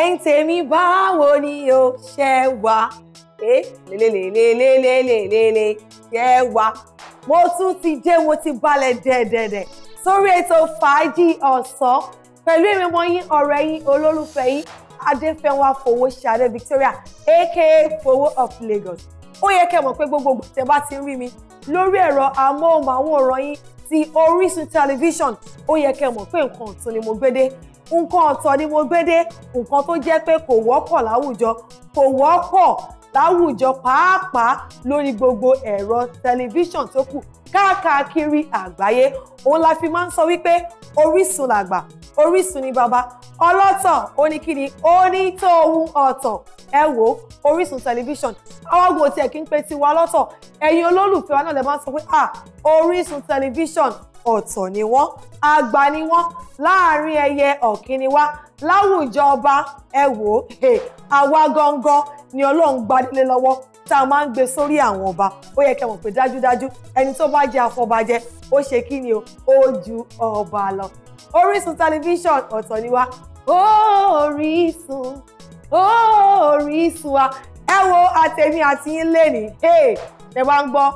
ẹ̀yin tèmi báwo ni o ṣe wà lélelelelelelelele ṣe wà mo tún ti dé mo ti balẹ̀ dẹ̀dẹ̀dẹ̀ sórí ètò fàájì ọ̀sán pẹ̀lú èmi wọn yín ọ̀rẹ́ yín olólùfẹ́ yín adéfẹ́wá Fowóṣadé Victoria aka Fowó of Lagos ó yẹ kẹ́ mọ̀ pé gbogbogbò tẹ́ bá ti ń rí mi lórí ẹ̀rọ amóhùnmáwòrán yín ti Orísun tẹlifíṣàn ó yẹ kẹ́ mọ̀ pé nǹkan ọ̀tun ni mo gbé dé nǹkan ọ̀tọ̀ ni mo gbé dé nǹkan tó jẹ́ pé kò wọ́pọ̀ láwùjọ kò wọ́pọ̀ láwùjọ pàápàá lórí gbogbo ẹ̀rọ tẹlifíṣàn tó kù káàkiri àgbáyé òun la fi máa ń sọ wípé orísun làgbà orísun ni bàbá ọlọ́tọ̀ oníkíni onítòhun ọ̀tọ̀ ẹ wo orísun tẹlifíṣàn àwọn gbòòtì ẹ̀ kí n pe tiwa lọ́tọ̀ ẹ̀yin olólùfẹ́ wa náà lè máa sọ pé ah orísun tẹlifíṣàn ọ̀tọ̀ ni wọ́n àgbà ni wọ́n láàrin ẹyẹ ọ̀kín ni wá láwùjọ ọba ẹ wò ó àwa gangan ni ọlọ́run gbadélé lọ́wọ́ tá a máa ń gbé sórí àwọn ọba ó yẹ kẹ́ mọ̀ pé dájúdájú ẹni tó bá jẹ́ afọbajẹ ó ṣe kí ni o ó ju ọba lọ Orísun tẹlifíṣàn ọ̀tọ̀ ni wá Orísun Orísun wa ẹ wo àtẹ̀mí àti yín lẹ́nìí ẹ bá ń gbọ́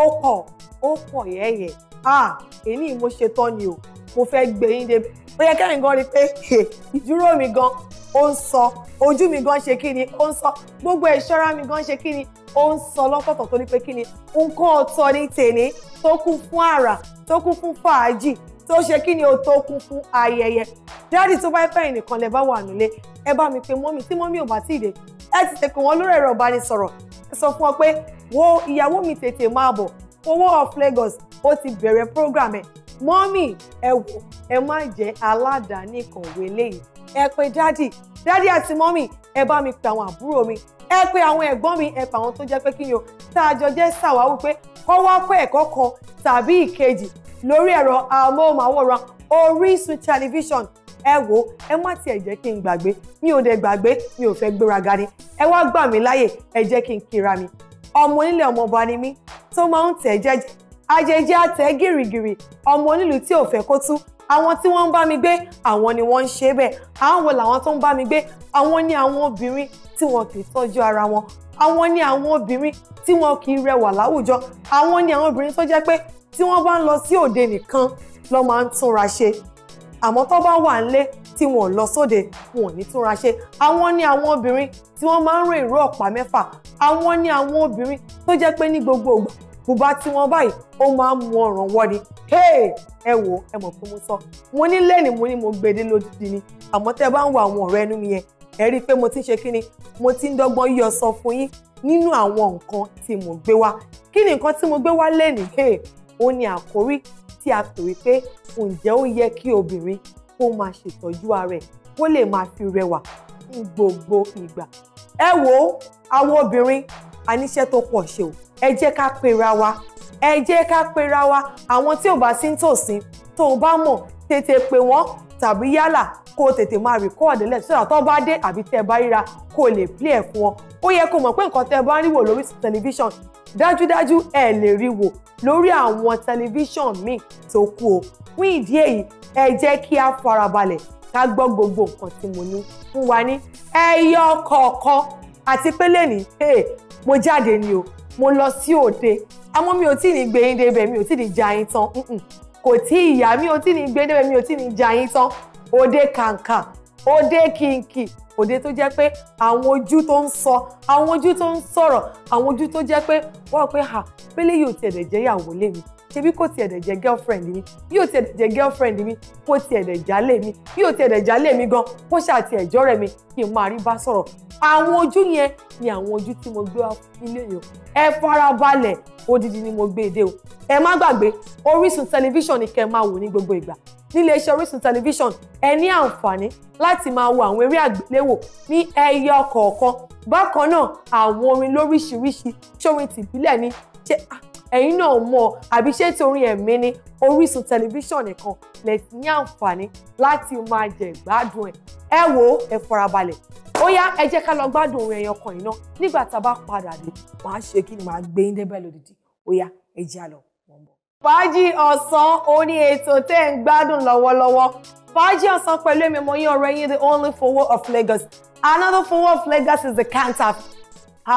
ó pọ̀ ó pọ̀ yẹ́yẹ́ ah èyí mo ṣe ni o mo fẹ́ gbé yín dé ó yẹ kẹ́rin gan rí pé ìdúró mi gan ó ń sọ ojú mi gan ṣe kí ni ó ń sọ gbogbo ìṣọ́ra mi gan ṣe kí ni ó ń sọ lọ́kọ̀tọ̀ tó ní pé kí ni nǹkan ọ̀tọ̀ ní tèmi tó kún fún àrà tó kún fún fàájì tó ṣe kí ni o tó kún fún ayẹyẹ dáàdì tó bá fẹ́ nìkan lẹ bá wà nílé ẹ bá mi pe mọ́mì tí mọ́mì ò bá tíì dé ẹ ti tẹ̀kọ̀ wọn lórí ẹ̀rọ ìbánisọ̀rọ̀ ẹ sọ fún ọ pé wo ìyàwó mi tètè máa bọ̀ owó of Lagos ó ti bẹ̀rẹ̀ program ẹ̀ mọ́mì ẹ wò ẹ má jẹ́ aládàáni kọ̀wé léyìí ẹ pé dádì dádì àti mọ́mì ẹ bá mi pe àwọn àbúrò mi ẹ pé àwọn ẹ̀gbọ́n mi ẹ pa àwọn tó jẹ́ pé kí ni o tá a jọ jẹ́ ṣàwáwí pé kọ́ wá kọ́ ẹ̀kọ́ kan tàbí ìkejì lórí ẹ̀rọ amóhùnmáwòrán Orísun tẹlifíṣàn ẹ wò ẹ má tiẹ̀ jẹ́ kí n gbàgbé mi ò dẹ̀ gbàgbé mi ò fẹ́ gbéraga ni ẹ wá gbà mí láyè ẹ jẹ́ kí n kíra mi ọmọ onílẹ̀ ọmọọba ni mí tó máa ń tẹ̀ jẹ́jẹ́ ajẹjẹ́ àtẹ̀ gìrìgìrì ọmọ onílù tí ò fẹ́ kó tú àwọn tí wọ́n ń bá mi gbé àwọn ni wọ́n ń ṣe bẹ́ẹ̀ àwọn wo làwọn tó ń bá mi gbé àwọn ni àwọn obìnrin tí wọn kì í tọ́jú ara wọn àwọn ni àwọn obìnrin tí wọn kì í rẹwà láwùjọ àwọn ni àwọn obìnrin tó jẹ́ pé tí wọ́n bá ń lọ sí òde nìkan ló máa ń túnra ṣe àmọ́ tó bá wà nílé tí wọn ò lọ sóde wọn ò ní túnra ṣe àwọn ni àwọn obìnrin tí wọ́n máa ń rìn ìró ọ̀pá mẹ́fà àwọn ni àwọn obìnrin tó jẹ́ pé ní gbogbo ògbà bùbá tí wọ́n báyìí ó máa ń mu ọ̀ràn wọ́ni ẹ wò ẹ mọ̀ pé mo sọ mo ní lẹ́ni mo ní mo gbèdé lódìdí ni àmọ́ tẹ́ bá ń wo àwọn ọ̀rẹ́ ẹnu mi yẹn ẹ rí i pé mo ti ń ṣe kíni mo ti ń dọ́gbọ́n yọ sọ fún yín nínú àwọn nǹkan tí mo gbé wá kí ni nǹkan tí mo gbé wá lẹ́nìí ó ní àkórí tí a pè wípé ǹjẹ́ ó yẹ kí obìnrin kó máa ṣètọ́jú ara ẹ̀ kó lè máa fi rẹwà ní gbogbo ìgbà. ẹ wo àwọn obìnrin àníṣẹ́ tó pọ̀ ṣe o ẹ jẹ́ ká pera wa ẹ jẹ́ ká pera wa àwọn tí ò bá sí ń tòsí tó o bá mọ̀ tètè pè wọ́n tàbí yálà kó o tètè máa rìkọ́ọ̀dì lẹ̀ sọ́dọ̀ tó bá dé àbí tẹ́ bá ríra kó o lè plé ẹ̀ fún wọn ó yẹ kó o mọ̀ pé nǹkan tẹ́ bá ń ríwò lórí tẹlifíṣàn dájúdájú ẹ lè ríwò lórí àwọn tẹlifíṣàn míì tó kù o fún ìdí èyí ẹ jẹ́ kí a farabalẹ̀ ká gbọ́ gbogbo nǹkan tí mo ní fún wa ní ẹyọ kọ̀ọ̀kan àti pé lẹ́ni mo jáde ni o mo lọ sí òde àmọ́ mi ò tí ì ní gbé yín débẹ̀ mi ò tí ì ní já yín tán kò tí ì mi ò tí ì gbé débẹ̀ mi ò tí ì ní jayín tán òde kàǹkà òde kìnkì òde tó jẹ́ pé àwọn ojú tó ń sọ àwọn ojú tó ń sọ̀rọ̀ àwọn ojú tó jẹ́ pé wọ́n pé ha pélé yóò tiẹ̀ lè jẹ́ ìyàwó lé mi ṣebí kò tiẹ̀ dẹ̀ jẹ́ girlfriend mi bí ó tiẹ̀ dẹ̀ jẹ́ girlfriend mi kò tiẹ̀ dẹ̀ jálè mi bí ó tiẹ̀ dẹ̀ jálè mi gan kó ṣáà tiẹ̀ jọ́rẹ̀ mi kí n máa rí bá sọ̀rọ̀ àwọn ojú yẹn ni àwọn ojú tí mo gbé wá nílé yìí ẹ farabalẹ̀ odidi ni mo gbé e dé o ẹ má gbàgbé Orísun tẹlifíṣàn ni kẹ́ máa wò ní gbogbo ìgbà nílé iṣẹ́ Orísun tẹlifíṣàn ẹ ní àǹfààní láti máa wo àwọn eré àgbéléwò ní ẹyọ kọ̀ọ̀kan bákan náà àwọn orin lóríṣiríṣi ṣórin tìbílẹ̀ ni ṣe ah, ẹ̀yin náà mọ̀ àbí ṣé torí ẹ̀mí ni Orísun tẹlifíṣàn nìkan lè ní àǹfààní láti máa jẹ ìgbádùn ẹ̀ ẹ wò ẹ farabalẹ̀ ó yá ẹ jẹ́ ká lọ gbádùn orin ẹ̀yàn kan iná nígbà tá a bá padà dé màá ṣe kí ni màá gbé yín débẹ̀ lódìdí ó yá ẹ jẹ́ àlọ́ wọn bọ̀. fàájì ọ̀sán oní ètò tẹ́ ń gbádùn lọ́wọ́lọ́wọ́ fàájì ọ̀sán pẹ̀lú èmi mo yín ọ̀rẹ́ yín the only fowo of Lagos another fowo of Lagos is the canter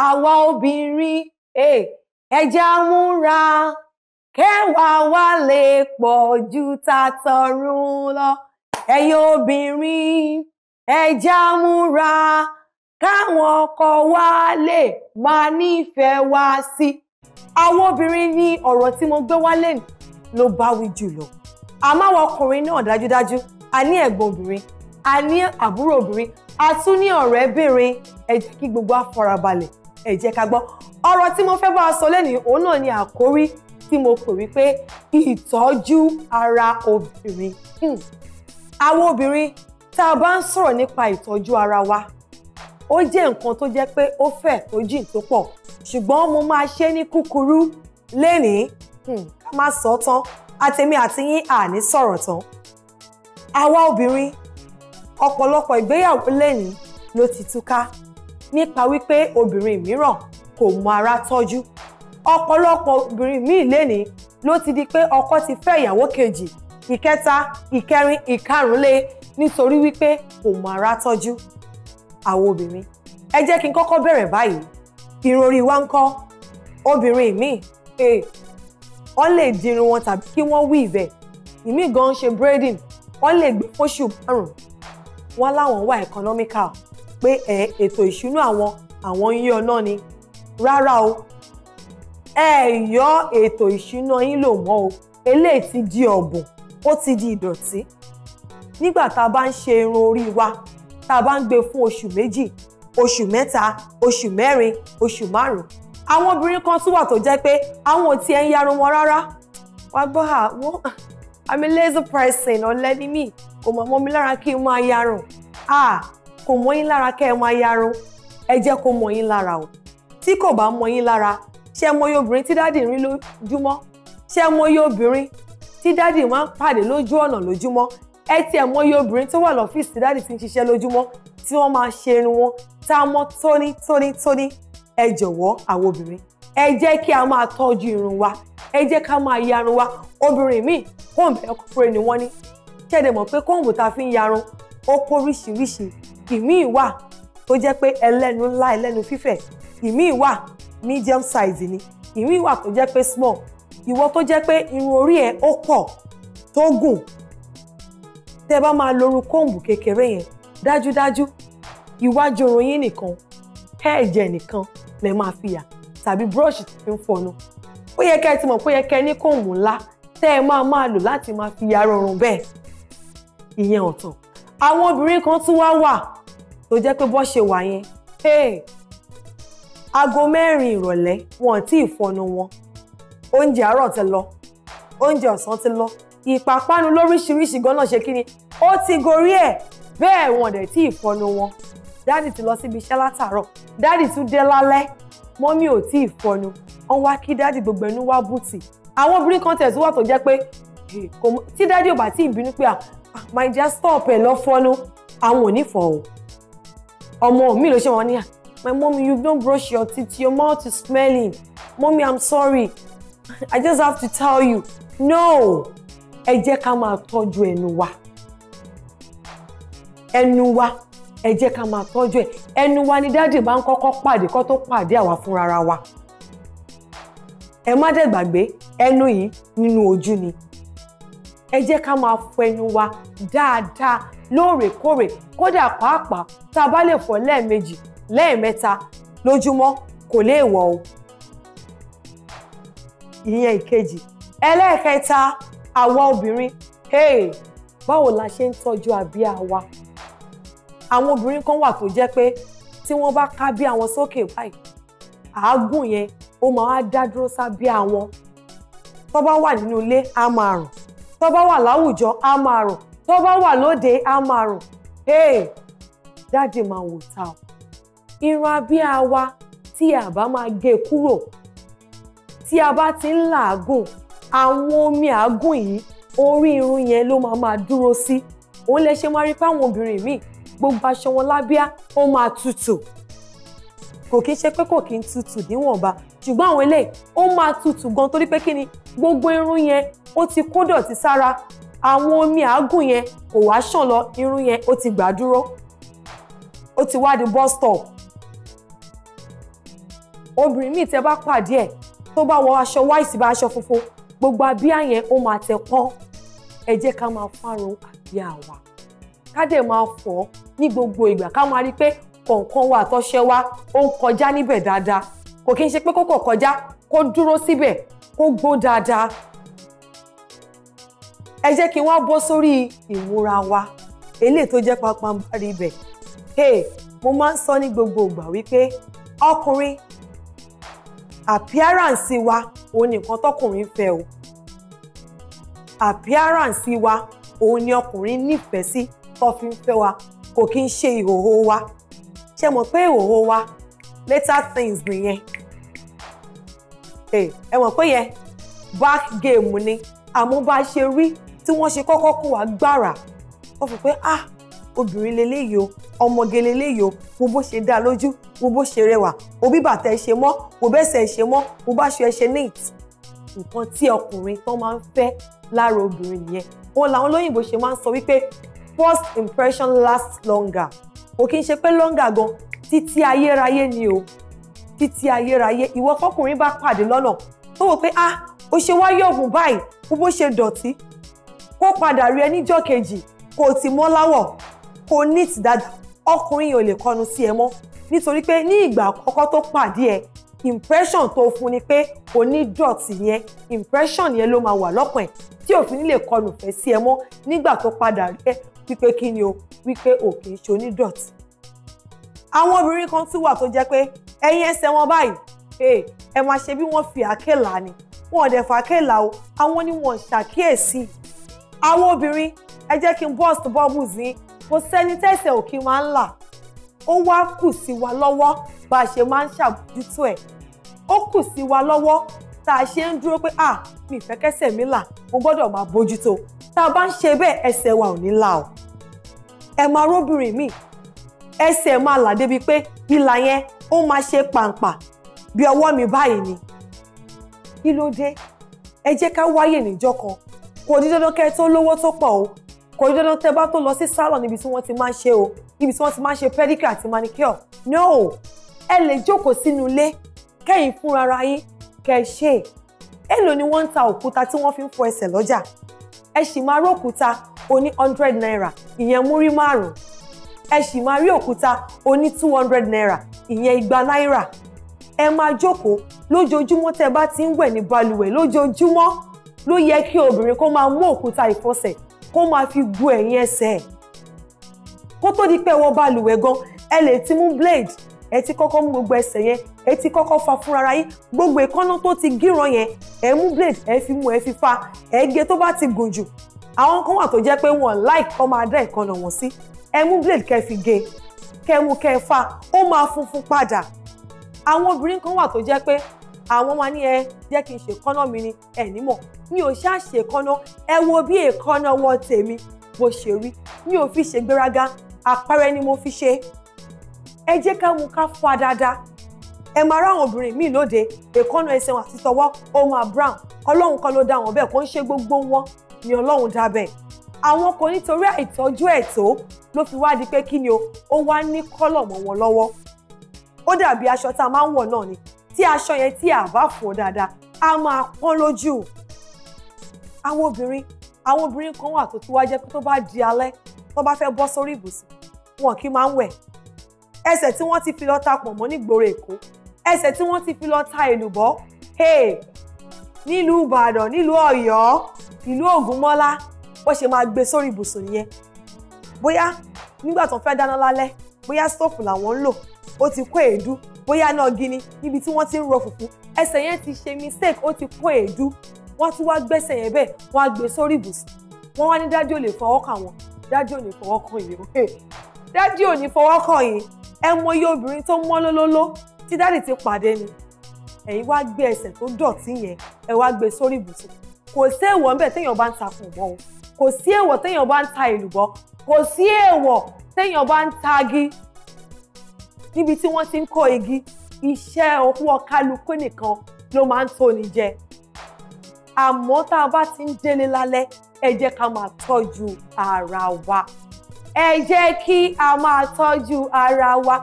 àwa obìnrin eh, ẹja múra kẹwàá wa lè pọ̀ ju ta tọ̀run lọ ẹ̀yin obìnrin ẹja múra káwọn ọkọ wa lè máa nífẹ̀ẹ́ wa sí. àwọn obìnrin ní ọ̀rọ̀ tí mo gbé wálé ló bá wí jùlọ àmọ́ àwọn ọkùnrin náà dájúdájú a ní ẹ̀gbọ́n obìnrin a ní àbúrò obìnrin a tún ní ọ̀rẹ́bìnrin ẹ kí gbogbo á farabalẹ̀ ẹ jẹ́ ká gbọ́ ọ̀rọ̀ tí mo fẹ́ bá a sọ lẹ́nìí òun náà ni àkórí tí mo pè wípé ìtọ́jú ara obìnrin hmm. àwọn obìnrin tá a bá ń sọ̀rọ̀ nípa ìtọ́jú ara wa ó jẹ́ nǹkan tó jẹ́ pé ó fẹ̀ tó jìn tó pọ̀ ṣùgbọ́n mo máa ṣe ní kúkúrú lénìí hmm. ká má sọ tán àtèmi àti yín àní sọ̀rọ̀ tán. àwa obìnrin ọ̀pọ̀lọpọ̀ ìgbéyàwó lénìí ló ti túká nípa wípé obìnrin mìíràn kò mọ ara tọ́jú ọ̀pọ̀lọpọ̀ obìnrin míì lénìí ló ti di pé ọkọ ti fẹ́ ìyàwó kejì ìkẹta ìkẹrin ìkarùnlé nítorí wípé kò mọ ara tọ́jú àwọn obìnrin ẹ jẹ́ kí n kọ́kọ́ bẹ̀rẹ̀ báyìí ìròrí wa ń kọ́ obìnrin míì ee eh, wọ́n lè dirun wọn tàbí kí wọ́n wí ìvẹ̀ ìmíì gan ṣe braiding wọ́n lè gbé fóṣù márùn-ún wọ́n láwọn wà economical pé ẹ ètò ìṣúná àwọn àwọn yín ọ náà ni rárá o ẹ yọ ètò ìṣúná yín lò mọ́ o eléyìí ti di ọ̀bùn ó ti di ìdọ̀tí nígbà tá a bá ń ṣe irun orí wa tá a bá ń gbé fún oṣù méjì oṣù mẹ́ta oṣù mẹ́rin oṣù márùn-ún àwọn obìnrin kan tún wà tó jẹ́ pé àwọn ò tiẹ̀ ń yarun wọn rárá wàá gbọ́ àwọn i'm a laser person ọ̀lẹ́ni mi kò mọ̀ mọ́ mi lára kí n máa yarun ah kò mọ yín lára kẹ́ ẹ máa yarun ẹ jẹ́ kó mọ yín lára o tí kò bá mọ yín lára ṣé mọ iye obìnrin tí dáàdì rí lójúmọ́ ṣé mọ iye obìnrin tí dáàdì máa ń pàdé lójú ọ̀nà lójúmọ́ ẹ tiẹ̀ mọ iye obìnrin tó wà lọ́fíìsì dáàdì ti ń ṣiṣẹ́ lójúmọ́ tí wọ́n máa ṣe irun wọn tá a mọ tóní tóní tóní ẹ jọ̀wọ́ àwọn obìnrin ẹ jẹ́ kí a máa tọ́jú irun wa ẹ jẹ́ ká máa yarun wa obìnrin míì kóńbẹ̀ ọkùnrin ni wọ́n ní ṣẹ̀dẹ̀ mọ̀ pé kóńbù ta fi ń yarun ó kó oríṣiríṣi ìmíì wà tó jẹ́ pé ẹlẹ́nu ńlá ẹlẹ́nu fífẹ̀ ìmíì wà medium size ni ìmíì wà tó jẹ́ pé small ìwọ tó jẹ́ pé irun orí ẹ̀ ó pọ̀ tó gùn tẹ́ bá máa lóru kóǹbù kékeré yẹn dájúdájú iwájú irun yín nìkan ẹ̀jẹ̀ nìkan lè máa fìyà tàbí brush tí ń fọnu ó yẹ kẹ́ ẹ ti mọ̀ pé ó yẹ kẹ́ ẹ ní kóòmù ńlá tẹ́ ẹ máa máa lò láti máa fi ara ọrùn bẹ́ẹ̀ ìyẹn ọ̀tọ̀ àwọn obìnrin kan tún wá wà tó jẹ́ pé bọ́ ṣe wà yẹn aago mẹ́rin ìrọ̀lẹ́ wọn ò tí ì fọnu wọn oúnjẹ àárọ̀ ti lọ oúnjẹ ọ̀sán ti lọ ìpápánu lóríṣiríṣi gan náà ṣe kí ni ó ti gorí ẹ̀ bẹ́ẹ̀ wọn dẹ̀ tí ì fọnu wọn dáàdì ti lọ síbi iṣẹ́ látàárọ̀ dáàdì tún dé lálẹ́ mọ́mí ò tí ì fọnu wọn wá kí dáàdì gbogbo ẹnu wá bùtì àwọn obìnrin kan tẹ̀ tó wà tó jẹ́ pé tí dáàdì ò bá tí ì bínú pé my dear stop ẹ̀ lọ́fọ́nú àwọn ò ní fọ̀ o ọmọ mi ló ṣe wọn ní à ah, my mom you don't brush your teeth your mouth is smelling mommy i'm sorry i just have to tell you no ẹ jẹ́ ká máa tọ́jú ẹnu wa ẹnu wa ẹ jẹ́ ká máa tọ́jú ẹ̀ ẹnu wa ni dáàdì bá ń kọ́kọ́ pàdé kó tó pàdé àwa fúnra wa ẹ má dẹ̀ gbàgbé ẹnu yìí nínú ojú ni ẹ jẹ́ ká máa fọ ẹnu wa dáadáa lóòrèkóòrè kódà pàápàá tá a bá lè fọ lẹ́ẹ̀mejì lẹ́ẹ̀mẹ́ta lójúmọ́ kò lè wọ̀ o. ìyẹn ìkejì ẹlẹ́ẹ̀kẹta àwa obìnrin hey báwo la ṣe ń tọ́jú abíyá wa àwọn obìnrin kan wà tó jẹ́ pé tí wọ́n bá ká bí àwọn sókè báyìí àágùn yẹn ó máa dá dúró sábíà wọn tó bá wà nínú ilé á máa rùn tó bá wà láwùjọ á máa rò tó bá wà lóde á máa rò hey dáàdì máa wò ta o irun abíyá wa tí a bá máa gé kúrò tí a bá ti ń làágùn àwọn omi àágùn yìí orí irun yẹn ló máa máa dúró sí òun lè ṣe máa rí pé obìnrin míì gbogbo aṣọ wọn lábíyá ó máa tutù kò kí ń ṣe pé kò kí ń tutù níwọ̀nba ṣùgbọ́n àwọn eléyìí ó máa tutù gan torí pé kí ni gbogbo irun yẹn ó ti kó dọ̀tí sára àwọn omi àágùn yẹn kò wá ṣàn lọ irun yẹn ó ti gbà ó ti wá di bus stop obìnrin míì tẹ bá pàdé ẹ̀ tó bá wọ aṣọ wáìsì bá aṣọ funfun gbogbo abíyá yẹn ó máa tẹ pọ́n ẹ jẹ́ ká máa fárun abíyá wa ká dẹ̀ máa fọ̀ ní gbogbo ìgbà ká máa rí pé kọ̀ọ̀kan wa àtọ́ṣẹ́ wa ó ń kọjá níbẹ̀ dáadáa kò kí n ṣe pé kó kọ̀ kọjá kó dúró síbẹ̀ kó gbó dáadáa ẹ jẹ́ kí n bọ́ sórí ìmúra wa eléyìí tó jẹ́ pápá bá rí bẹ̀. hey mo máa ń sọ ní gbogbo ìgbà wípé ọkùnrin appearance wa òun ni nǹkan tọkùnrin fẹ́ o appearance wa òun ni ọkùnrin nífẹ̀ẹ́ sí tó fi fẹ́ wa kò kí ń ṣe ìhòòhò wa ṣe mọ̀ pé ìhòòhò wa later things nìyẹn ẹ mọ̀ pé yẹn back game ni àmọ́ bá rí tí wọ́n ṣe kọ́kọ́ kó wa gbàrà fi pé ah obìnrin leléyìí o ọmọge leléyìí o wo bó ṣe dá lójú wo bó ṣe rẹwà wo bí bàtà ẹ ṣe mọ́ wo bẹ́sẹ̀ ẹ ṣe mọ́ wo báṣọ ẹ ṣe neat nǹkan tí ọkùnrin tán máa ń fẹ́ lára obìnrin nìyẹn òun làwọn olóyìnbó ṣe máa ń sọ wípé first impression lasts longer kò kí n ṣe pé longer gan títí ayérayé ni o títí ayérayé ìwọ fọkùnrin bá pàdé lọ́nà tó wò pé ah ó ṣe wá yọ̀gùn báyìí bó ṣe dọ̀tí kó padà rí ẹ níjọ́ kejì kò tí mọ́ láwọ̀ kò neat dáadáa ọkùnrin yìí ò lè kọnu sí ẹ mọ́ nítorí pé ní ìgbà àkọ́kọ́ tó pàdé ẹ impression tó fún ni pé o ní dọ̀tí yẹn impression yẹn ló máa wà lọ́kàn ẹ̀ tí òfin lè kọnu fẹ́ sí ẹ mọ́ nígbà tó padà rí ẹ wípé kí ni o wípé o kì í ṣe onídọ̀tí. àwọn obìnrin kan tún wà tó jẹ́ pé ẹyin ẹsẹ̀ wọn báyìí eh, ẹ máa ṣe bí wọ́n fi àáké ni wọn ò dẹ̀ fà àáké là o àwọn ni wọ́n ṣàkíyèsí àwọn obìnrin ẹ jẹ́ kí n bust bubbles yín kò sẹ́ni tẹ̀sẹ̀ ò kí n máa ń là ó wá kù sí wa lọ́wọ́ bá a ṣe máa ń ṣàbójútó ẹ̀ ó kù sí wa lọ́wọ́ tá a ṣe ń dúró pé à mi ìfẹ́ kẹsẹ̀ mi là mo gbọ́dọ̀ máa bójútó tá a bá ń ṣe bẹ́ẹ̀ ẹsẹ̀ wa ò ní là o ẹ máa róbìnrin mi ẹsẹ̀ máa là débi pé ìlà yẹn ó máa ṣe pàǹpà bí ọwọ́ mi báyìí ni kí ló dé ẹ jẹ́ ká wáyè níjọ́ kan kò ní dandan kẹ́ tó lówó tó pọ̀ o kò ní dandan tẹ́ bá tó lọ sí salon níbi tí wọ́n ti máa ń ṣe o níbi tí wọ́n ti máa ń ṣe pedicure àti manicure no ẹ lè jókòó sínú ilé kẹ́yìn fúnra yín kẹ́ ṣe èlò ni wọ́n ń ta òkúta tí wọ́n fi ń fọ ẹsẹ̀ lọ́jà ẹ sì máa rí òkúta oní hundred naira ìyẹn múrí márùn ẹ sì máa rí òkúta oní two hundred naira ìyẹn igba náírà ẹ máa jókòó lójoojúmọ́ tẹ́ bá ti ń wẹ̀ ní balùwẹ̀ lójoojúmọ́ ló yẹ kí obìnrin kó máa mú òkúta ìfọsẹ̀ kó máa fi gu ẹ̀yìn ẹsẹ̀ ẹ̀ kó tó di pé ẹ wọ balùwẹ̀ gan ẹ lè ti mú blade ẹ ti kọ́kọ́ mú gbogbo ẹsẹ̀ yẹn ẹ ti kọ́kọ́ fa fúnra yín gbogbo ìkọ́nà tó ti gíran yẹn ẹ mú blade ẹ fi mú ẹ fi fa ẹ gé tó bá ti gùn jù àwọn kan wà tó jẹ́ pé wọn like kọ́ máa dá ìkọ́nà wọn sí ẹ mú blade kẹ́ fi gé kẹ́ mú kẹ́ fa ó máa funfun padà àwọn obìnrin kan wà tó jẹ́ pé àwọn máa ní ẹ jẹ́ kí n ṣèkọ́nà mi ni ẹ nímọ̀ mi ò ṣáà ṣèkọ́nà ẹ wo bí èkọ́nà wọn tèmi bó ṣe rí mi ò fi ṣègbéraga àpẹẹrẹ ni mo fi ṣe ẹ jẹ́ ká mú ká fa dáadáa ẹ máa ráwọn obìnrin míì lóde èkọ́nà ẹsẹ̀ wọn àti tọwọ́ omar brown ọlọ́run kan ló dá wọn bẹ́ẹ̀ kó ń ṣe gbogbo wọn ni ọlọ́run dá bẹ́ẹ̀ àwọn kò nítorí àìtọ́jú ẹ̀ tó ló fi wá di pé kí ni o ó wá ní kọ́lọ̀ wọn lọ́wọ́ ó dàbí aṣọ tá a máa ń wọ̀ náà ni tí aṣọ yẹn tí a bá fọ̀ dáadáa a máa pọ́n lójú àwọn obìnrin àwọn obìnrin kan wà tó ti wá jẹ́ pé tó bá di alẹ́ tó bá fẹ́ bọ́ sórí ibùsùn wọn kì í máa ń wẹ̀ ẹsẹ̀ tí wọ́n ti fi lọ ta pọ̀nmọ́ nígboro èkó ẹsẹ̀ tí wọ́n ti fi lọ ta èlùbọ́ nílùú ìbàdàn nílùú ọ̀yọ́ ìlú ògúnmọ́lá wọ́n ṣe máa gbé sórí ibùsùn nìyẹn bóyá nígbà tó fẹ́ dáná lálẹ́ bóyá stóòfù làwọn ń lò ó ti kó èédú bóyá náà gini níbi tí wọ́n ti ń rọ fùfú ẹsẹ̀ yẹn ti ṣe mistake ó ti kó èédú wọ́n tún wá gbẹ́sẹ̀ yẹn bẹ́ẹ̀ wọ́n á gbé e sórí ibùsùn wọ́n wá ní dájú ò lè fọwọ́ kàn wọ́n dájú ò ní fọwọ́ kàn yìí dájú ò ní fọwọ́ kàn yìí ẹ mọ iye obìnrin tó mọ́ lólóló tí dáàdì ti pàdé ni ẹ̀yin wá gbé ẹsẹ̀ tó dọ̀tí yẹn ẹ wá gbé e sórí ibùsùn kò sí èèwọ̀ ńbẹ̀ téèyàn bá ń ta fún ìbọn kò sí èèwọ̀ téèyàn bá ń ta ìlùbọ́ kò sí èèwọ̀ téèyàn bá ń tagi níbi tí wọ́n ti ń kó igi iṣẹ́ ọwọ́ kálukú nìkan ló máa ń tóni jẹ àmọ́ tá a bá ti ń délé lálẹ́ ẹ jẹ́ ká máa tọ́jú ara wa ẹ jẹ́ kí a máa tọ́jú ara wa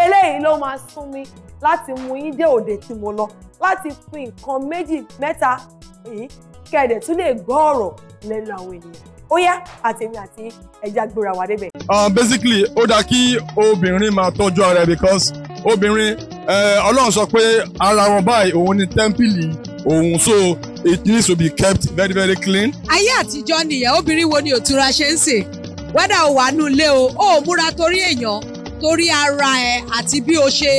eléyìí ló máa sún mi láti mú yín dé òde tí mo lọ láti fi nǹkan méjì mẹ́ta yìí kẹ̀dẹ̀ tún lè gbọ́ ọ̀rọ̀ lẹ́nu àwọn ènìyàn ó yá àtẹ̀mí àti ẹja gbóra wa débẹ̀. Uh, basically ó dáa kí obìnrin máa tọ́jú ara ẹ̀ because obìnrin eh, ọlọ́run sọ pé ara wọn báyìí òun ni tẹ́ḿpìlì òun so it needs to be kept very very clean. ayé àtijọ́ nìyẹn obìnrin wo ni òtúra ṣe ń sè wẹ́dà ò wà nù lé o ò múra torí èèyàn torí ara ẹ àti bí o ṣe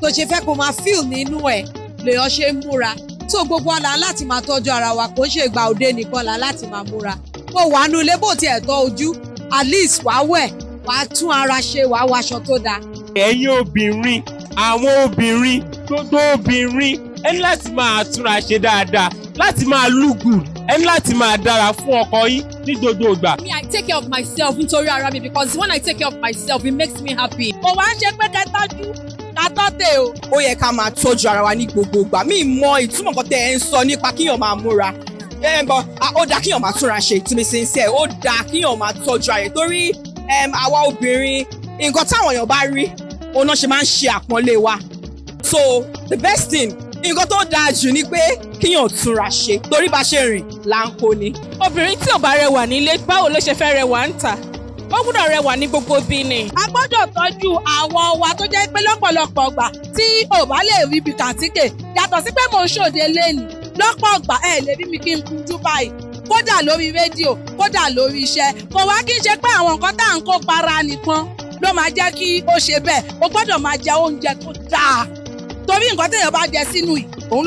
tó ṣe fẹ́ kó máa feel nínú ẹ lèèyàn ṣe ń múra tó gbogbo ọ̀la láti máa tọ́jú ara wa kò ń ṣe òde nìkan là láti máa múra bó wà nù ilé bó tiẹ̀ tọ́ ojú at least wàá wẹ̀ wàá tún ara ṣe wàá waṣọ tó dáa. ẹ̀yin obìnrin àwọn obìnrin gbogbo obìnrin ẹni láti máa túnra ṣe dáadáa láti máa lùgù ẹni láti máa dára fún ọkọ yín ní gbogbo ìgbà. me i take care of myself nítorí ara mi because when i take care of myself it makes me happy. kò wá ń ṣe pé kẹtọ́jú katọ́tẹ̀ o. ó yẹ ká máa tọ́jú ara wa ní gbogbo ìgbà mi mọ ìtumọ̀ kan tẹ́ ẹ ń sọ nípa kíyàn máa múra ẹ bọ ó dáa kíyàn máa túnra ṣe to be sincere ó dáa kíyàn máa tọ́jú ààyè torí àwa obìnrin nǹkan táwọn èèyàn bá rí òun náà ṣe máa ń ṣe àpọ́nlé wa so the best thing nǹkan tó dáa jù ni pé kíyàn túnra ṣe torí bá ṣe rìn là ń kó ni. obìnrin tí ò bá rẹwà nílé báwo ló ṣe fẹ́ rẹwà ń tà ó gbọ́dọ̀ rẹwà ní gbogbo bí ni. a gbọ́dọ̀ tọ́jú àwọn wa tó jẹ́ pé lọ́pọ̀lọpọ̀ gbà tí ò bá lè rí kàtíkè yàtọ̀ sí pé mò ń ṣòde lẹ́nu lọ́pọ̀ ọgbà ẹ lè rí mi kí n kújú báyìí kódà lórí rédíò kódà lórí iṣẹ́ kò wá kí n ṣe pé àwọn nǹkan tá à ń kó para nìkan ló máa jẹ́ kí ó ṣe bẹ́ẹ̀ o gbọ́dọ̀ máa jẹ oúnjẹ tó dáa torí nǹkan téèyàn bá jẹ sínú yìí òun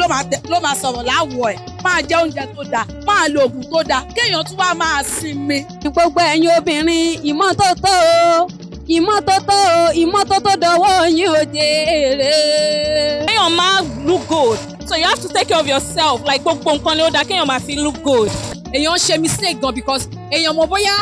ló máa sọ̀rọ̀ láwọ̀ ẹ̀ máa jẹ oúnjẹ tó dáa máa lo oògùn tó dáa kéèyàn tún wá máa sinmi. gbogbo ẹ̀yin obìnrin ìmọ́tótó o ìmọ́tótó ìmọ́tótó dọwọ́ yín ò jèrè. kéèyàn máa look good so you have to take care of yourself like gbogbo nǹkan ni ó dáa kéèyàn máa fi look good. èèyàn ṣe mistake gan because èèyàn mọ̀ bóyá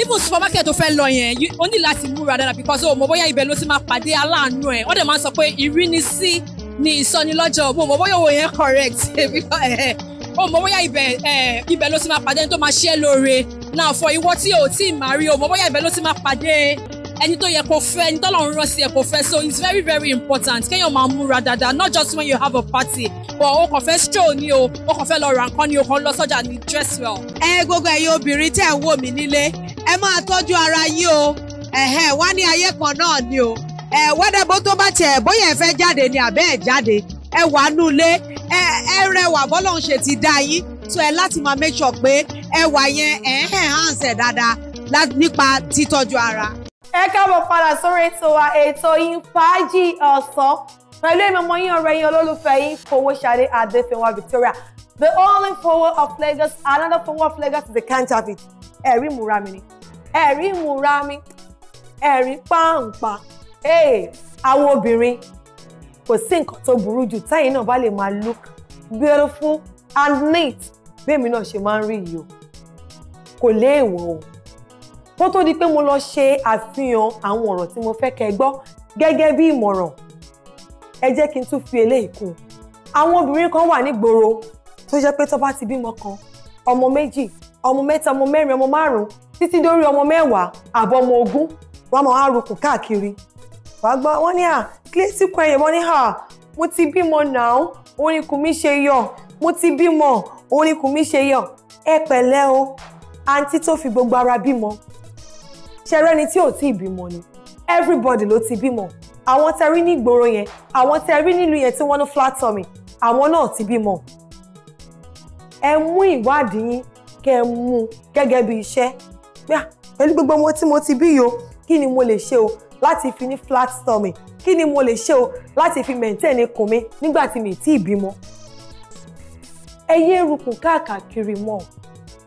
even supermarket tó fẹ́ lọ yẹn o ní láti múra dáadáa because o mọ̀ bóyá ibẹ̀ ló ti máa pàdé aláàánú ẹ̀ wọ́n dẹ̀ máa ń sọ pé ìrínisí ni ìsọnilọ́jọ̀ mo mọ̀ bóyá owó yẹn correct o eh, eh. mọ̀ bóyá ibẹ̀ eh, ibẹ̀ ló ti máa pàdé ẹni tó máa ṣe é lóore náà fọ ìwọ tí o ti máa rí o mọ̀ bóyá ibẹ̀ ló ti máa pàdé ẹni tó yẹ kó fẹ́ ẹni tọ́lọ́run rán sí ẹ kó fẹ́ so it's very very important kéèyàn máa múra dáadáa not just when you have a party but o kàn fẹ́ stroll ni o o kàn fẹ́ lọ ra nǹkan ni o kàn lọ sọ́jà ni dress well. ẹ gbogbo ẹ̀yin obìnrin tẹ́ ẹ̀ ń wò mí nílé ẹ máa tọ́jú ara yín o ẹ̀hẹ́ wá ní ayé kan náà ni o ẹ wẹ́dẹ̀bó tó bá tiẹ̀ bóyá ẹ fẹ́ jáde ni àbẹ́ ẹ̀ jáde ẹ wà nulẹ̀ ẹ ẹ rẹwà bọ́lọ́run ṣe ti dá yín so ẹ láti máa make sure pé ẹwà yẹn ẹ̀ ń hẹ̀ hàn ṣẹ̀ dáadáa nípa títọ́jú ara ẹ káàbọ̀ padà sórí ètò wa ètò yín fàájì ọ̀sán pẹ̀lú èmi ọmọ yín ọ̀rẹ́ yín olólùfẹ́ yín Fowóṣadé Adéfẹ́wà Victoria the only forward of Lagos another forward of Lagos is the counterfeit ẹ̀rí ìmúra mi ni ẹ̀rí ìmúra mi ẹ̀rí páǹpá ee àwọn obìnrin kò sí nǹkan tó burú jù táyìn náà bá lè máa look beautiful and neat bí èmi náà ṣe máa ń rí yìí o kò léèwọ̀ o kó tó di pé mo lọ ṣe àfihàn àwọn ọ̀rọ̀ tí mo fẹ́ kẹ́ gbọ́ gẹ́gẹ́ bí ìmọ̀ràn ẹ jẹ́ kí n tún fi eléyìí kún àwọn obìnrin kan wà nígboro tó jẹ́ pé tó bá ti bímọ kan ọmọ méjì ọmọ mẹ́ta ọmọ mẹ́rin ọmọ márùn-ún títí dórí ọmọ mẹ́wàá àbọ̀ ọmọ ogún wọ́n máa rukùn káàkiri wàá gbọ́ wọ́n ní à kílẹ̀sì kan ẹ̀yẹ̀ wọ́n ní à mo ti bímọ náà oríkùn mi ṣe yọ mo ti bímọ oríkùn mi ṣe yọ ẹ pẹ̀lẹ́ o àǹtí tó fi gbogbo ara bímọ ṣẹrẹ ni tí ò tí ì bímọ ni everybody ló ti bímọ àwọn tẹ rí ní ìgboro yẹn àwọn tẹ rí nílùú yẹn tí wọ́n ní flat tummy àwọn náà ti bímọ ẹ mú ìwádìí yín kẹ ẹ mú gẹ́gẹ́ bí iṣẹ́ pẹ̀lú gbogbo ọmọ tí mo ti bí yo kí ni mo lè ṣe o láti fi ní flat tummy kí ni mo lè ṣe o láti fi maintain ikùn mi nígbà tí mi tí ì bímọ. ẹ yé erùkùn káàkiri mọ́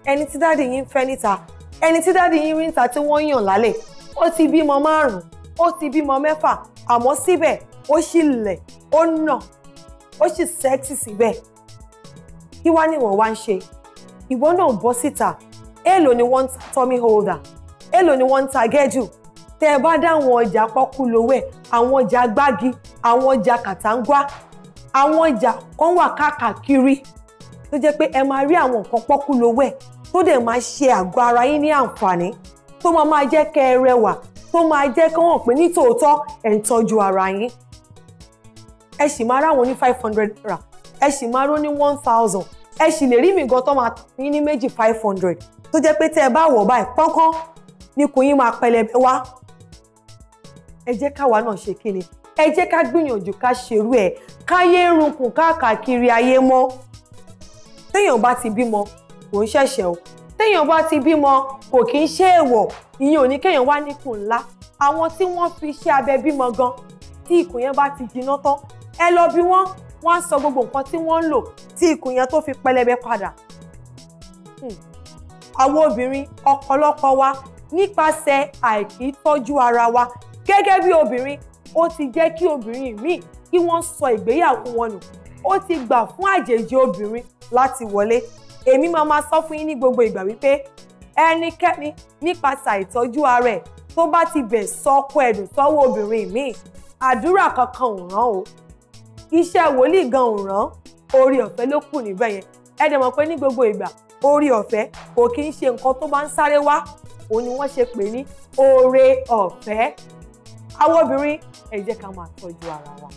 ẹni tí dáàdi yín ń fẹ́ níta ẹni tí dáàdi yín rí ń ta tí wọ́n yàn lálẹ́ ó ti bímọ márùn-ún ó ti bímọ mẹ́fà àmọ́ síbẹ̀ ó sì lẹ̀ ó nà ó sì sẹ́ẹ̀tì síbẹ̀ kí wá ní ìwọ̀n wá ń ṣe ìwọ náà bọ́ síta èèlò ni wọ́n ń ta tommy holder èèlò ni wọ́n ń ta gẹ́jù tẹ́ ẹ bá dáwọn ọjà pọ́kú lówẹ̀ àwọn ọjà gbági àwọn ọjà kàtàǹgbá àwọn ọjà kan wà káàkiri tó jẹ́ pé ẹ máa rí àwọn nǹkan pọ́kú lówẹ̀ tó dẹ̀ máa ṣe àgọ́ ara yín ní àǹfààní tó máa máa jẹ́ kẹ́ ẹ rẹwà tó máa jẹ́ kí wọ́n pè ní tòótọ́ ẹ̀ ń tọ́jú ara yín ẹ sì máa ráwọn ní five hundred naira ẹ sì máa ró ní one thousand ẹ sì lè rí mi gan tó máa ní ní méjì five hundred tó jẹ́ pé tẹ́ ẹ bá wọ̀ báyìí pọ́nkán ni kò yín máa pẹlẹbẹ wá ẹ jẹ́ káwa náà ṣe kí ni ẹ jẹ́ ká gbìyànjú ká ṣerú ẹ̀ káyé runkùn káàkiri ayé mọ́ téèyàn bá ti bímọ kò ń ṣẹ̀ṣẹ̀ o téèyàn bá ti bímọ kò kí ń ṣe èèwọ̀ ìyẹn ò ní kéèyàn wá níkùn ńlá àwọn tí wọ́n fi iṣẹ́ abẹ bímọ gan tí ikùn yẹn bá ti jiná tán ẹ lọ bí wọ́n wọ́n á sọ gbogbo nǹkan tí wọ́n ń lò tí ikùn yẹn tó fi pẹlẹbẹ padà. Hmm. àwọn obìnrin ọ̀pọ̀lọpọ̀ wa nípasẹ̀ àìkí tọ́jú ara wa gẹ́gẹ́ bí obìnrin ó ti jẹ́ kí obìnrin míì kí wọ́n sọ ìgbéyàwó wọn nù ó ti gbà fún àjèjì obìnrin láti wọlé èmi máa ma sọ fún yín ní gbogbo ìgbà wípé ẹnikẹ́ni nípasẹ̀ ìtọ́jú ara ẹ̀ tó bá ti bẹ̀ sọ́kọ ẹ̀dùn sọ́wọ́ obìnrin míì àdúrà kankan ò rán o iṣẹ́ wòlíì gan ò rán orí ọ̀fẹ́ ló kù níbẹ̀ yẹn ẹ dẹ̀ mọ̀ pé ní gbogbo ìgbà orí ọ̀fẹ́ kò kí ń ṣe nǹkan tó bá ń sáré wá òun ni wọ́n ṣe pè ní oore ọ̀fẹ́ àwọn obìnrin ẹ jẹ́ ká máa tọ́jú ara wa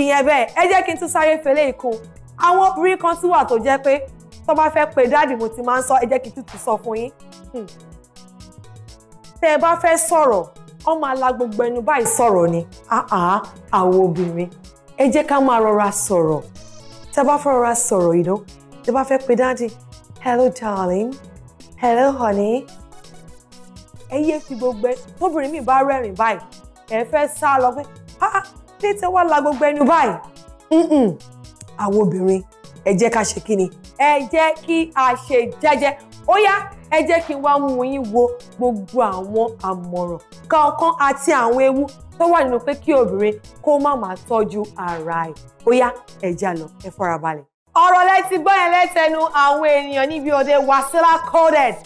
ìyẹn bẹ́ẹ̀ ẹ jẹ́ kí n tún sáré fẹlẹ́ ìkun àwọn obìnrin kan tún wà tó jẹ́ pé tó bá fẹ́ pe dáàdì mo ti máa ń sọ ẹ jẹ́ kí tútù sọ fún yín hmm. tẹ́ ẹ bá fẹ́ sọ̀rọ̀ ọ máa ẹnu báyìí sọ̀rọ̀ ni àwọn obìnrin ẹ jẹ́ ká máa rọra sọ̀rọ̀ tẹ́ bá fẹ́ rọra sọ̀rọ̀ you know tẹ́ bá fẹ́ pe dáàdì hello darling hello honey ẹ yé fi gbogbo ẹ tóbìnrin mi bá rẹ́rìn báyìí ẹ fẹ́ sá lọ pé ah ní tẹ́ wá la gbogbo ẹnu báyìí àwọn obìnrin ẹ jẹ́ ká ṣe kí ni ẹ jẹ́ kí a ṣe jẹ́jẹ́ ó yá ẹ jẹ́ kí n wá mú yín wo gbogbo àwọn àmọ̀ràn kọ̀ọ̀kan àti àwọn ewu tó wà nínú pé kí obìnrin kó má máa tọ́jú ara ẹ̀ ó yá ẹ já lọ ẹ farabalẹ̀. ọ̀rọ̀ lẹ́tí gbọ́ yẹn lẹ́tẹnu àwọn ènìyàn níbi òde Wasila Kodet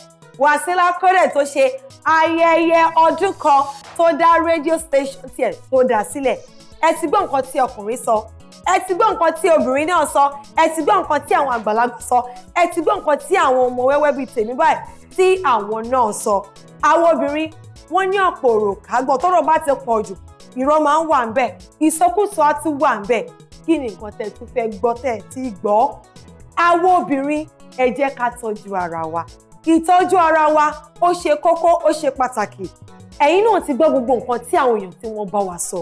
Wasila Kodet tó ṣe ayẹyẹ ọdún kan tó dá rédíò station tiẹ̀ tó dá sílẹ̀ ẹ ti gbọ́ nǹkan tí ọkùnrin sọ ẹ ti gbọ́ nǹkan tí obìnrin náà sọ ẹ ti gbọ́ nǹkan tí àwọn àgbàlagbà sọ ẹ ti gbọ́ nǹkan tí àwọn ọmọ wẹ́wẹ́ bíi tèmi báyìí tí àwọn náà sọ àwọn obìnrin wọ́n ní ọ̀pọ̀ ọ̀rọ̀ kágbọ́n tọ́rọ̀ bá ti pọ̀ jù irọ́ máa ń wà ń bẹ̀ ìsọkúsọ á ti wà ń bẹ̀ kí ni nǹkan tẹ̀ tún fẹ́ gbọ́ tẹ̀ tí gbọ́ àwọn obìnrin ẹ jẹ́ ká tọ́jú ara wa ìtọ́jú ara wa ó ṣe kókó ó ṣe pàtàkì ẹ̀yin náà ti gbọ́ gbogbo nǹkan tí àwọn èèyàn tí wọ́n bá wa sọ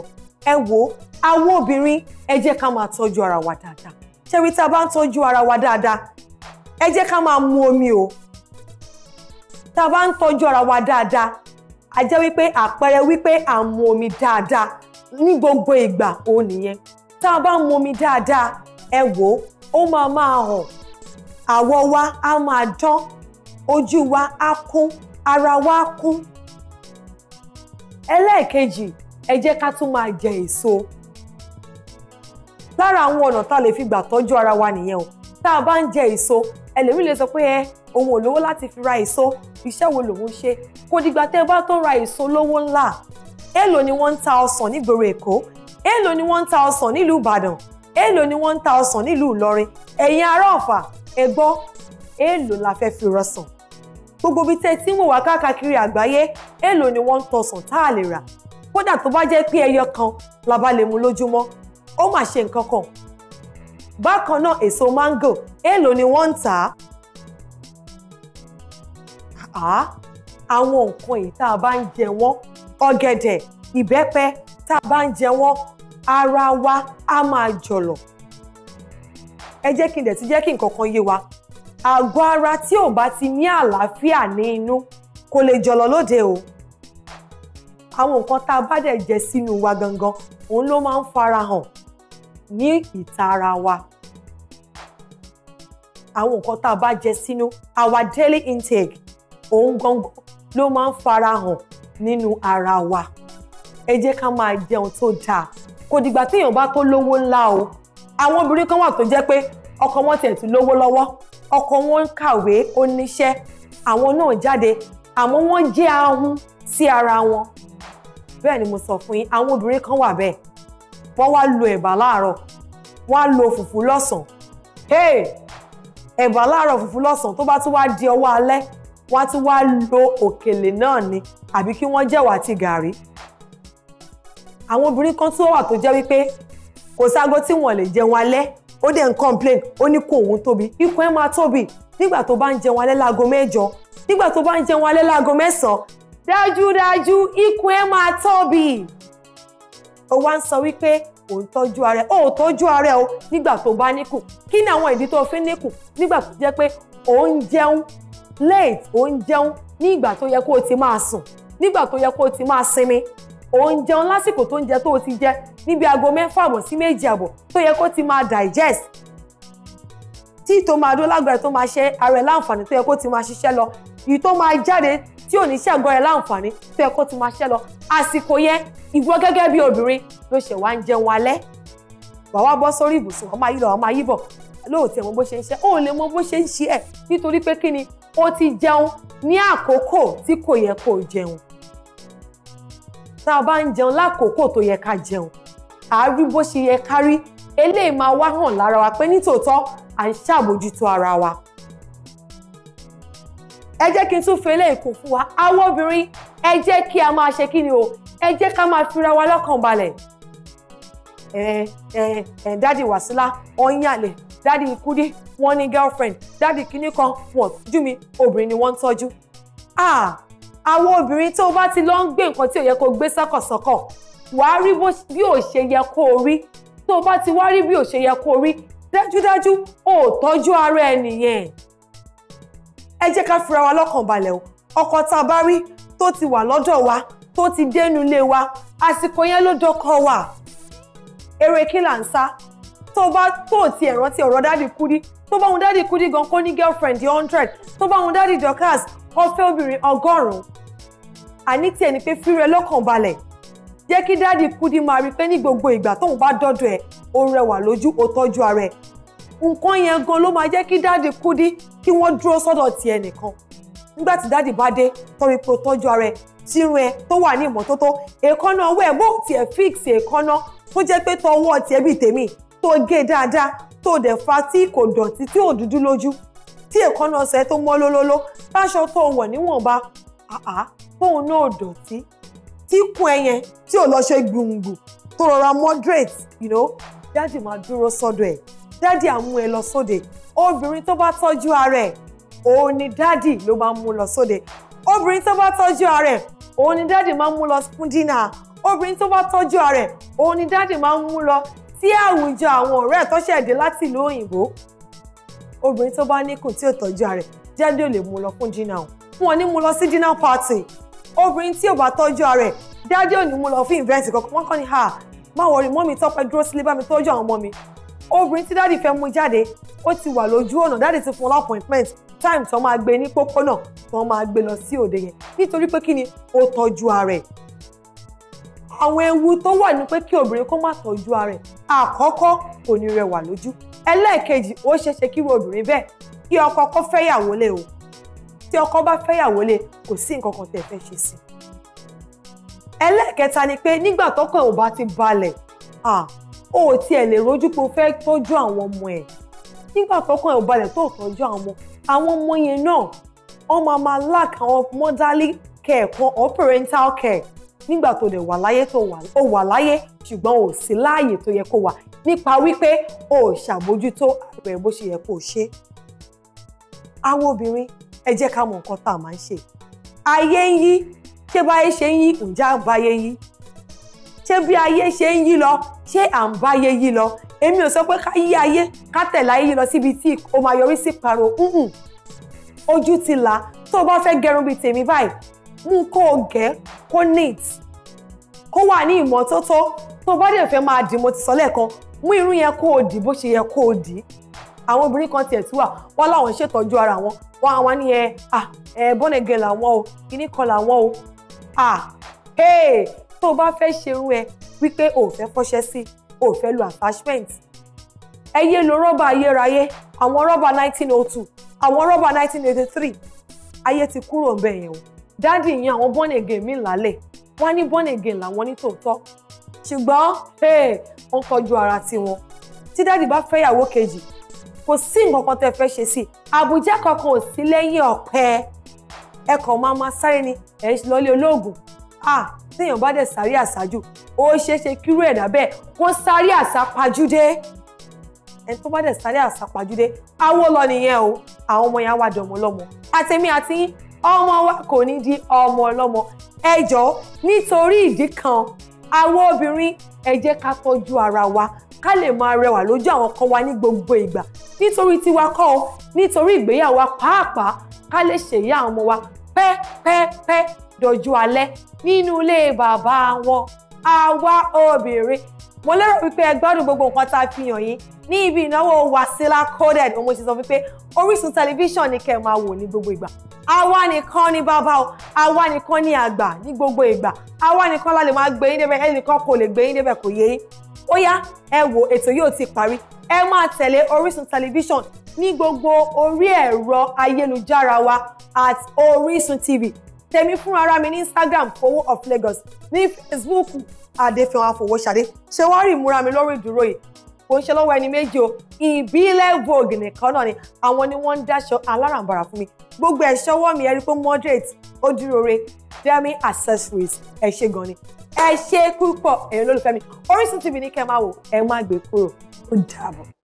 ẹ wo àwọn obìnrin ẹ jẹ́ ká máa tọ́jú ara wa dáadáa ṣebí tá a bá ń tọ́jú ara wa dáadáa ẹ jẹ́ ká máa mu omi o tá a bá ń tọ́jú ara wa dáadáa a jẹ́ wípé àpẹẹrẹ wípé à ń mu omi dáadáa ní gbogbo ìgbà òun nìyẹn tá a bá ń mu omi dáadáa ẹ wò ó máa máa hàn àwọ̀ wa á máa dán ojú wa á kún ara wa á kún ẹlẹ́ẹ̀kejì ẹ jẹ́ ká tún máa jẹ èso lára àwọn ọ̀nà tá a lè fi gbà tọ́jú ara wa nìyẹn o tá a bá ń jẹ èso ẹlòmíì lè sọ pé ẹ òun ò lówó láti fi ra èso iṣẹ́ wo lòun ṣe kò dìgbà tẹ́ ẹ bá tó ra èso lówó ńlá èèlò ni wọ́n ń ta ọsàn nígboro èkó èèlò ni wọ́n ń ta ọsàn nílùú ìbàdàn èèlò ni wọ́n ń ta ọsàn nílùú ìlọrin ẹ̀yin ará ọ̀fà ẹ gbọ́ èèlò la fẹ́ fi rọsàn gbogbo ibi tẹ́ ẹ ti ń wò wá káàkiri àgbáyé èèlò ni wọ́n ń tọsàn tá a lè rà kódà tó bá jẹ́ pé ẹyọ kan la bá lè mú lójúmọ́ ó mà ṣe nǹkan kan bákan náà èso mango èèlò ni wọ́n ń tà á àwọn nǹkan yìí tá a bá ń jẹ wọ́n ọ̀gẹ̀dẹ̀ ìbẹ́pẹ tá a bá ń jẹ wọ́n ara wa á máa jọ̀lọ̀ ẹ jẹ́ kí n dẹ̀ ti jẹ́ kí nǹkan kan yé wa àgọ́ ara tí ò bá ti ní àlàáfíà ní inú kò lè jọ̀lọ̀ lóde o àwọn nǹkan tá a bá dẹ̀ jẹ sínú wa gangan òun ló máa ń farahàn ní ìta ara wa àwọn nǹkan tá a bá jẹ sínú our daily intake òun gangan ló máa ń farahàn nínú ara wa ẹ jẹ́ ká máa jẹun tó dáa kò dìgbà téèyàn bá tó lówó ńlá o àwọn obìnrin kan wà tó jẹ́ pé ọkọ wọn tiẹ̀ ti lówó lọ́wọ́ ọkọ wọn ń kàwé ó níṣẹ́ àwọn náà jáde àmọ́ wọ́n jẹ́ ahun sí ara wọn bẹ́ẹ̀ ni mo sọ fún yín àwọn obìnrin kan wà bẹ́ẹ̀ wọ́n wá lo ẹ̀bà láàárọ̀ wọ́n á lo fùfú lọ́sàn-án ẹ̀bà láàárọ̀ fùfú lọ́sàn-án tó bá tún wá di ọwọ́ alẹ́ wọ́n á tún wá lo òkèlè náà ni àbí kí wọ́n jẹ̀wà àti gàrí àwọn obìnrin kan tún wà tó jẹ́ wípé kò ságo tí wọ́n lè jẹun alẹ́ ó dẹ̀ ń complain ó ní kó òun tóbi ikùn ẹ̀ máa tóbi nígbà tó bá ń jẹun alẹ́ láago mẹ́jọ nígbà tó bá ń jẹun alẹ́ láago mẹ́sàn-án dájúdájú ikùn ẹ máa tóbi ó wá ń sọ wípé ò tọ́jú ara ẹ ò tọ́jú ara ẹ o nígbà tó bá níkùn kí ni àwọn ìdí tó fi níkùn nígbà tó jẹ́ pé ò jẹun late ò ń jẹun ní ìgbà tó yẹ kó o ti máa sùn nígbà tó yẹ kó o ti máa sinmi ò ń jẹun lásìkò tó ń jẹ tó o ti jẹ níbi aago mẹ́fà àbọ̀ sí méjì àbọ̀ tó yẹ kó ti máa digest tí tó máa dó lágbára tó máa ṣe ara ẹ̀ láǹfààní tó yẹ kó ti máa ṣiṣẹ́ lọ èyí máa jáde tí ò ní ṣe àgọ́ rẹ̀ láǹfààní tó yẹ kó ti máa ṣẹ́ lọ àsìkò yẹn ìwọ gẹ́gẹ́ bí obìnrin ló ṣe wá ń jẹun alẹ́ wàá wá bọ́ sórí ibùsùn ọmọ ayé lọ ọmọ ayé bọ̀ lóòótọ́ mọ bó ṣe ń ṣe ó lè mọ bó ṣe ń ṣe ẹ̀ nítorí pé kí ni ó ti jẹun ní àkókò tí kò yẹ kó jẹun tá a bá ń jẹun lákòókò tó yẹ ká jẹun à á rí bó ṣe yẹ ká rí eléyìí máa wá hàn lára wa pé nítòótọ́ à ń ṣàbójútó ara wa ẹ jẹ́ kí n tún fele ìkùn fún wa àwọn obìnrin ẹ jẹ́ kí a máa ṣe kí ni o ẹ jẹ́ ká máa fira wa lọ́kàn balẹ̀ ẹ ẹ ẹ dádì wàsílà ọ̀nyàlẹ̀ dádì kúdí wọ́n girlfriend dádì kíní kan wọ́n tọ́jú mi obìnrin ni wọ́n ń tọ́jú. àwọn obìnrin tó bá ti lọ ń gbé nǹkan tí ò yẹ kó gbé sọ́kọ̀sọ́kọ̀ wàá rí bí ò ṣe yẹ kó o rí tó bá ti wá rí bí ò ṣe yẹ kó o rí dájúdájú ò tọ́jú ara ẹ nìyẹn ẹ jẹ́ ká fira wa lọ́kàn balẹ̀ o ọkọ tá a bá rí tó ti wà lọ́dọ̀ wa tó ti dénú ilé wa àsìkò yẹn ló dọ́kọ wa eré kí là ń sá tó bá tó ti ẹ̀ rántí ọ̀rọ̀ dáàdì kúdí tó bá wọn dáàdì kúdí gan kó ní girlfriend hundred tó bá wọn dáàdì dorcas ọ̀fẹ́ obìnrin ọgọ́rùn-ún àní tiẹ̀ ni pé fírẹ́ lọ́kàn balẹ̀ jẹ́ kí dáàdì kúdí máa rí pé ní gbogbo ìgbà tóun bá dọ́dọ̀ ẹ̀ ó rẹwà lójú ó tọ́jú ara ẹ̀ nǹkan yẹn gan ló máa jẹ́ kí dáàdì Kúdí kí wọ́n dúró sọ́dọ̀ tiẹ̀ nìkan nígbà tí dáàdì bá dé tọ́bi pé o tọ́jú ara ẹ tírun ẹ tó wà ní ìmọ́tótó èékánná ọwọ́ ẹ̀ bó tiẹ̀ fíìsì èékánná tó jẹ́ pé tọwọ́ tiẹ̀ bíi tèmi tó gé dáadáa tó dẹ̀ fa tí kò dọ̀tí tí ò dúdú lójú tí èékánná ọ̀sẹ̀ tó mọ́ lólóló láṣọ tó wọ̀ níwọ̀nba àá tóun náà dọ̀tí tí kún ẹ yẹn tí ò lọ ṣe gbùngbùn tó rọra moderate you know dáàdì máa dúró sọ́dọ̀ ẹ̀ dádì á mú ẹ lọ sóde obìnrin tó bá tọ́jú ara ẹ̀ òun ni dádì ló máa mú lọ sóde obìnrin tó bá tọ́jú ara ẹ̀ òun ni dádì máa mú lọ fún dínà obìnrin tó bá tọ́jú ara ẹ̀ òun ni dádì máa mú lọ sí àwùjọ àwọn ọ̀rẹ́ ẹ̀ tó ṣẹ̀ dé láti ìlú òyìnbó obìnrin tó bá níkùn tí ò tọ́jú ara ẹ̀ dádì ò lè mú lọ fún dínà o fún ọ ní mú lọ sí dínà party obìnrin tí ò bá tọ́jú ara ẹ̀ dádì ò ní mú lọ fún ìvẹ́ǹtì kankan wọ́n kàn ní ha má wọrí mọ́mì tọ́pẹ́ dúró sílé bá mi tọ́jú àwọn ọmọ mi obìnrin tí dáàdì fẹ́ mú jáde ó ti wà lójú ọ̀nà dáàdì ti fún un appointment time tó máa gbé ní pópónà tó máa gbé lọ sí òde yẹn nítorí pé kí ni ó tọ́jú ara ẹ̀ àwọn ewu tó wà ní pé kí obìnrin kó má tọ́jú ara ẹ̀ àkọ́kọ́ kò ní rẹwà lójú ẹlẹ́ẹ̀kejì ó ṣeéṣe kí obìnrin bẹ́ẹ̀ kí ọkọ kó fẹ́yàwó lé o tí ọkọ bá fẹ́yàwó lé kò sí nǹkan kan tẹ̀ fẹ́ ṣe sí i ẹlẹ́ẹ̀kẹta ni pé nígbà tọkàn ò bá ti balẹ̀ o ò tiẹ̀ lè rojú pé o fẹ́ tọ́jú àwọn ọmọ ẹ̀ nígbà tọkàn ẹ̀ ò balẹ̀ tó tọ́jú àwọn ọmọ àwọn ọmọ yẹn náà wọ́n máa lack àwọn motherly care kan or parental care nígbà tó dẹ̀ wà láyé tó wà láyé ṣùgbọ́n ò sí láàyè tó yẹ kó wà nípa wípé o ò ṣàbójútó rẹ̀ bó ṣe yẹ kó o ṣe. àwọn obìnrin ẹ jẹ́ ká mọ nǹkan tá a máa ń ṣe ayé ń yí ṣé báyé ṣe ń yí ǹjẹ́ àbáyé ń yí ṣé bí ayé ṣe ń yí lọ ṣé à ń báyé yí lọ èmi ò sọ pé ká yí ayé ká tẹ̀lé ayé yí lọ síbi tí o máa yọrí sí paro ojú ti là tó o bá fẹ́ gẹrun bíi tèmi báyìí mú kó o gẹ̀ kó neat kó wà ní ìmọ́tótó tó o bá dẹ̀ fẹ́ máa dì mo ti sọ lẹ́ẹ̀kan mú irun yẹn kó o dì bó ṣe yẹ kó o dì í àwọn obìnrin kan tiẹ̀ tún wà wọ́n láwọn ṣètọ́jú ara wọn wọ́n àwọn ní ẹ ẹ bọ́nẹ̀gẹ̀ làwọn o kíní làwọn o ah hey tó o bá fẹ́ ṣerú ẹ wípé o ò fẹ́ fọṣẹ sí o ò fẹ́ lo attachment ẹ yé lo rọ́bà ayérayé àwọn rọ́bà 1902 àwọn rọ́bà 1983 ayé ti kúrò ńbẹ̀ yẹn o dáàdì yẹn àwọn born again mi lálẹ́ wọ́n ní born again làwọn ní tòótọ́ ṣùgbọ́n wọ́n kọjú ara tiwọn tí dáàdì bá fẹ́yàwó kejì kò sí nǹkan kan tẹ́ fẹ́ ṣe sí àbújá kankan ò sí lẹ́yìn ọ̀pẹ ẹ kàn máa máa sáré ni ẹ̀ ń lọ́lé olóògùn ah téèyàn bá dẹ̀ sáré àsájù ó ṣeé ṣe kírú ẹ̀dá bẹ́ẹ̀ kó sáré àsápajúdé ẹni tó bá dẹ̀ sáré àsápajúdé awó lọ nìyẹn o àwọn ọmọ yẹn á wá dọ̀mọ́ lọ́mọ àtẹ̀mí àti ọmọ wa kò ní di ọmọ ọlọ́mọ ẹ jọ̀ọ́ nítorí ìdí kan àwọn obìnrin ẹ jẹ́ ká tọ́jú ara wa ká lè máa rẹwà lójú àwọn kan wa ní gbogbo ìgbà nítorí tiwa kọ́ ọ nítorí ìgbéyàwó pàápàá ká lè ṣèyí àwọn ọmọ wa pẹ́pẹ́pẹ́ dojú alẹ́ nínú ilé bàbá wọn àwa obìnrin mo lérò wípé ẹ gbádùn gbogbo nǹkan tá a fi hàn yín ní ibi ìnáwó Wasila coded mo ti sọ wípé Orísun tẹlifíṣàn ni kẹ́ ẹ máa wò ní gbogbo ìgbà àwa nìkan ni bàbá o àwa nìkan ni àgbà ní gbogbo ìgbà àwa nìkan la lè máa gbé yín débẹ̀ ẹnìkan kò lè gbé yín débẹ̀ kò yé yín ó yá ẹ wò ètò yóò ti parí ẹ máa tẹ̀lé Orísun tẹlifíṣàn ní gbogbo orí ẹ̀rọ ayélujára wa at Orísun TV tèmi fún ara mi ní Instagram fowó of Lagos ní Facebook Adéfẹ́wà Fowóṣadé ṣé wọ́n rí ìmúra mi lórí ìdúró yìí kò ń ṣe lọ́wọ́ ẹni méjì o ìbílẹ̀ vogue nìkan náà ni àwọn ni wọ́n ń dáṣọ alárànbarà fún mi gbogbo ẹ̀ṣọ́ ọwọ́ mi ẹ rí pé moderate ojúrere demi accessories ẹ ṣé gan ni ẹ ṣé púpọ̀ ẹ̀yin olólùfẹ́ mi Orísun TV ní kẹ́ máa wò ẹ má gbé kúrò ó dàbọ̀.